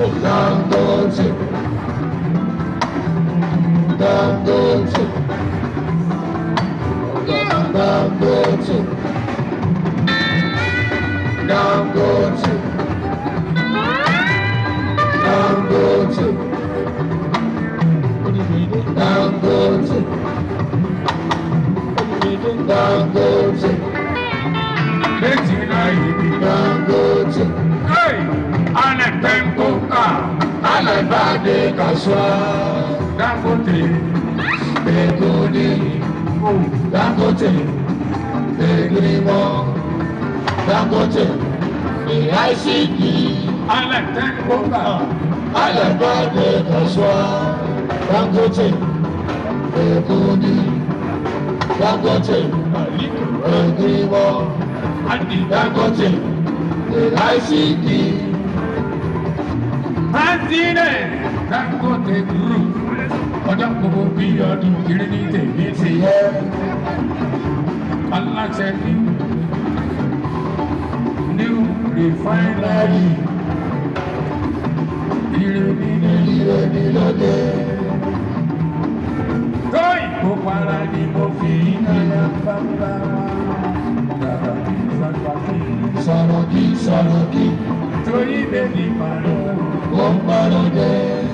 Tanto chip, tanto chip, tanto chip, tanto chip, tanto chip, tanto chip, tanto chip, tanto chip, tanto chip. never dey casual. Dangote, Egoni, Dangote, Egrimo, Dangote, EICD. Alẹ̀ tẹ́ gbọ́dọ̀. Alẹ̀ bá dey casual. Dangote, Egoni, Dangote, Egrimo, Dangote, EICD. Happiness Dangote group ọjọ́ gbogbo bí ọdún kiri ní tèmi ti yẹ aláṣẹ new new refinery ìrèmí ní ìrèmí lọ́dẹ. tóyìn kó para ni mo fi iná bàbá wa bàbá mi sàgbà kí. sọ̀rọ̀ kí sọ̀rọ̀ kí. torí bẹ́ẹ̀ ni màá lọ lóde.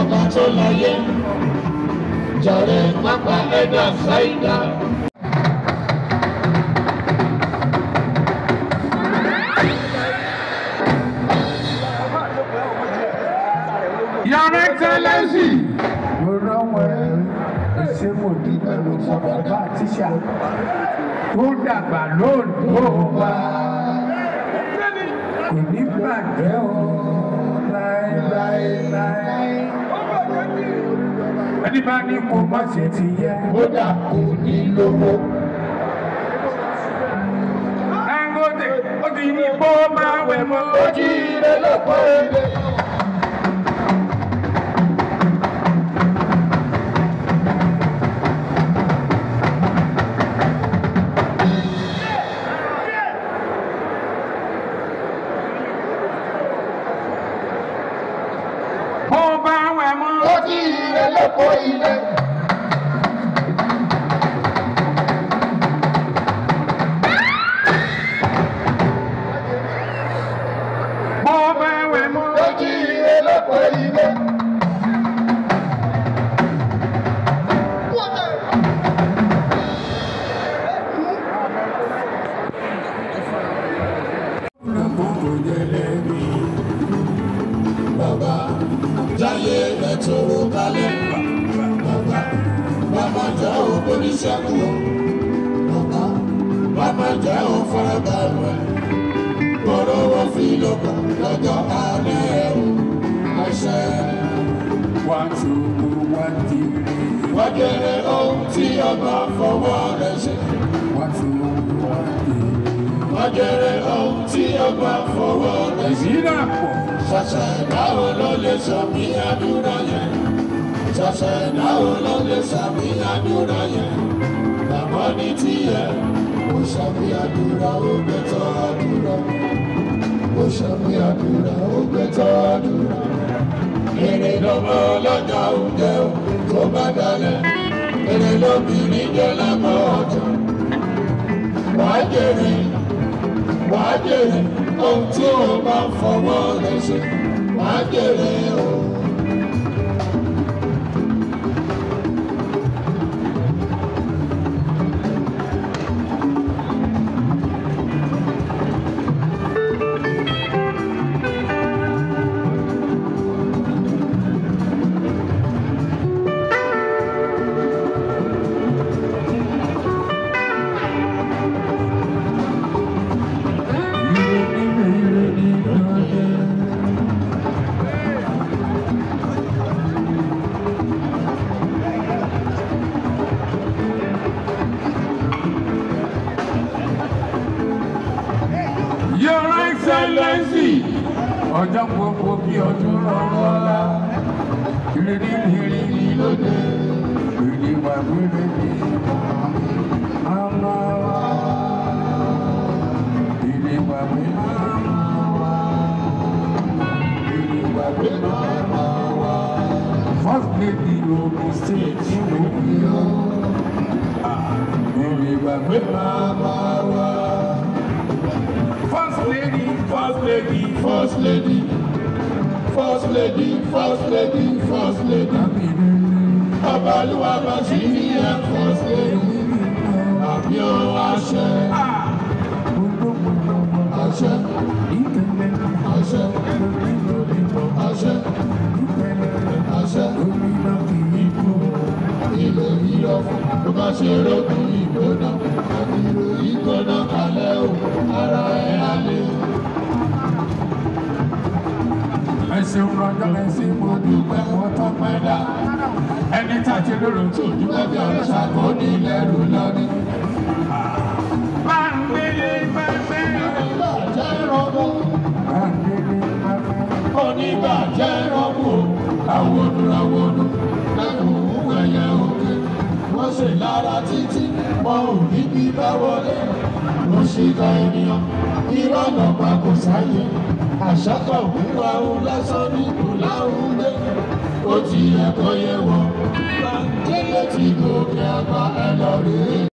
ọba tó láyé jàre pápá ẹ̀dá ṣáìdá. Your Excellency ṣé mo di pẹ̀lú bàbá tíṣà tó dàgbà lóòótọ́ wa kò ní bàjẹ́ o láéláéláé. ẹni bá ní kó má ṣe ti yẹ. ó dà kó ní lówó. Dangote ó ti ní bó máa wẹ̀ mọ́. ó jí ilé lọ́pọ̀ ilé. போயிலே ṣẹ́kù Papa bàbá jẹ́ òun farabalẹ̀ gbọ́dọ̀ wọ́n fi lókun lọ́jọ́ alẹ́ ẹ̀rù àṣẹ. wá ṣubú wá kiri. wá kéré ohun tí ọba fọwọ́ rẹ̀ ṣe. wá ṣubú wá kiri. wá kéré ohun tí ọba fọwọ́ rẹ̀ ṣe. ìyíra pọ̀. ṣàṣà ìdáwó ló lè sọ bí àdúrà yẹn. ṣàṣà ìdáwó ló lè sọ bí àdúrà yẹn ní tiẹ̀ mo ṣàfi àdúrà ó gbẹ̀tọ̀ àdúrà mo ṣàfi àdúrà ó gbẹ̀tọ̀ àdúrà èrè lọ́mọ ọlọ́jà oúnjẹ òkú tó bá dalẹ̀ èrè lóbìnrin jẹ́ lámọ́ ọjà wàá jèrè wàá jèrè ohun tí o bá fọwọ́ rẹ̀ ṣe wàá jèrè o. ọjọ́ gbogbo bí ọdún lọ́wọ́ ọ̀la ìrírí ìrírí lóde ìrírí wà wíwé bí àmà wá ìrírí wà wíwé àmà wá ìrírí wà wíwé àmà wá. first lady omi stage ìwòye ìrírí wà wíwé àmà wá lady, first lady, first lady, first lady, first lady, first lady. first Ọbalúwa bá ṣì ní ẹ̀ first lady, àbí ọ àṣẹ. Àṣẹ. Àṣẹ. Àṣẹ. Àṣẹ. Ilé ìlọ́fọ̀ ló bá ṣe rọ́pò. rẹ sí mo dúpẹ́ mo tọ́pẹ́ dá. ẹni tá a ti lóru tó dúpẹ́ bí ọ̀rẹ́ ṣàkó ní ìlẹ́rù lọ́ní. Báńgbélé pẹ́pẹ́ oníbàjẹ́ rọ́bù. Báńgbélé pẹ́pẹ́ oníbàjẹ́ rọ́bù. Àwòdù àwòdù lẹ́kùn ẹ̀yẹ òkè. Wọ́n ṣe lára títí mọ òbí bá wọlé. Mo ṣe ka ènìyàn, irọ́ ọ̀nà pa kò sáyé. Àṣà kan òkúra òun lásán ní bó tilẹ̀ kó yé wọn. délé tí gòkè àgbà ẹ lọ rèé.